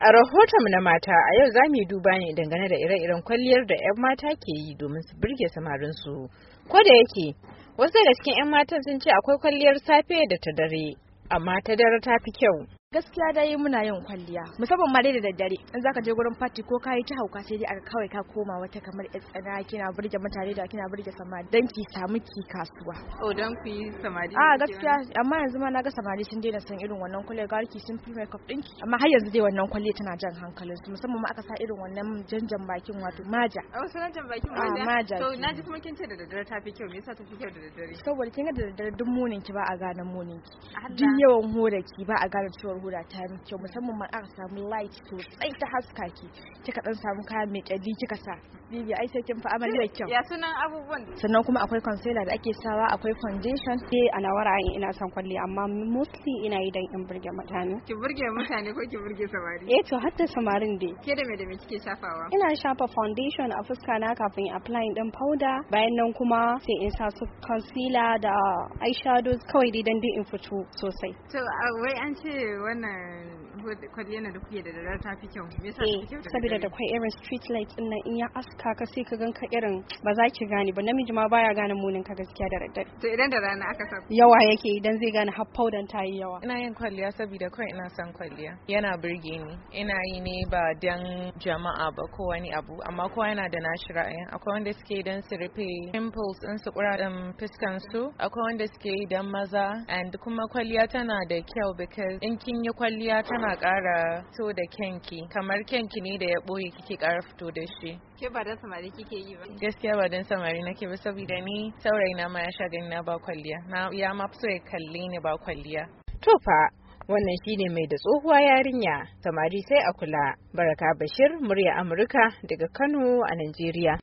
A rahoton na mata a yau za mu duba ne dangane da ire-iren kwalliyar da 'yan mata ke yi domin su birge samarinsu. Ko da yake, wasu daga cikin 'yan matan sun ce akwai kwalliyar safe da ta dare, amma ta dare ta fi kyau. gaskiya dai muna yin kwalliya musamman ma dai da daddare in zaka je gurin party ko kayi ta hauka sai dai aka kawai ka koma wata kamar yar tsana kina burge mutane da kina burge sama dan ki samu ki kasuwa oh dan ku yi samari ah gaskiya amma yanzu ma na ga samari sun daina san irin wannan kwalliya ga ki fi makeup din ki amma har yanzu dai wannan kwalliya tana jan hankalin su musamman ma aka sa irin wannan janjan bakin wato maja oh sunan jan bakin maja ah, maja to naji kuma kin ce da daddare ta fi kyau me yasa ta fi kyau da daddare saboda kin ga da daddare duk munin ki ba a ganin munin ki duk yawan hore ki ba a ganin cewa larura ta mi kyau musamman ma aka samu light to sai ta haska ki kika dan samu kaya mai kyalli kika sa bibi ai sai kin fa amarya kyau ya sunan abubuwan sannan kuma akwai concealer da ake sawa akwai foundation sai eh, alawara ai ina son kwalli amma mostly ina yi dan in burge mutane ki burge mutane ko ki burge samari eh to hatta samarin dai ke da me da me kike shafawa ina shafa foundation a fuska na kafin applying din powder bayan nan kuma sai in sa su concealer da eyeshadows kawai dai dan in fito sosai to wai an ce wannan kwalliyar da kuke da darar ta fi kyau me yasa kyau? ta fi kyau eh, saboda da kwai irin street light din nan in ya aska ka sai ka gan ka irin ba za ki gane ba namiji ma baya gane munin ka gaskiya da daddare to idan da rana aka sa yawa yake idan zai gane har powder ta yi yawa ina yin kwalliya saboda kawai ina son kwalliya yana burge ni ina yi ne ba dan jama'a ba ko wani abu amma kowa yana da nashi ra'ayin akwai wanda suke dan su rufe pimples din su kura um, fuskan su akwai wanda suke dan maza and kuma kwalliya tana da kyau because in kin kin kwalliya tana ƙara to da kyanki kamar kyanki ne da ya boye kike kara fito da shi ke ba dan samari kike yi ba gaskiya ba dan samari nake ba saboda ni saurayi na ma ya sha gani na ba kwalliya na ya ma so ya kalle ni ba kwalliya to fa wannan shine mai da tsohuwa yarinya samari sai a kula baraka bashir murya amurka daga kano a najeriya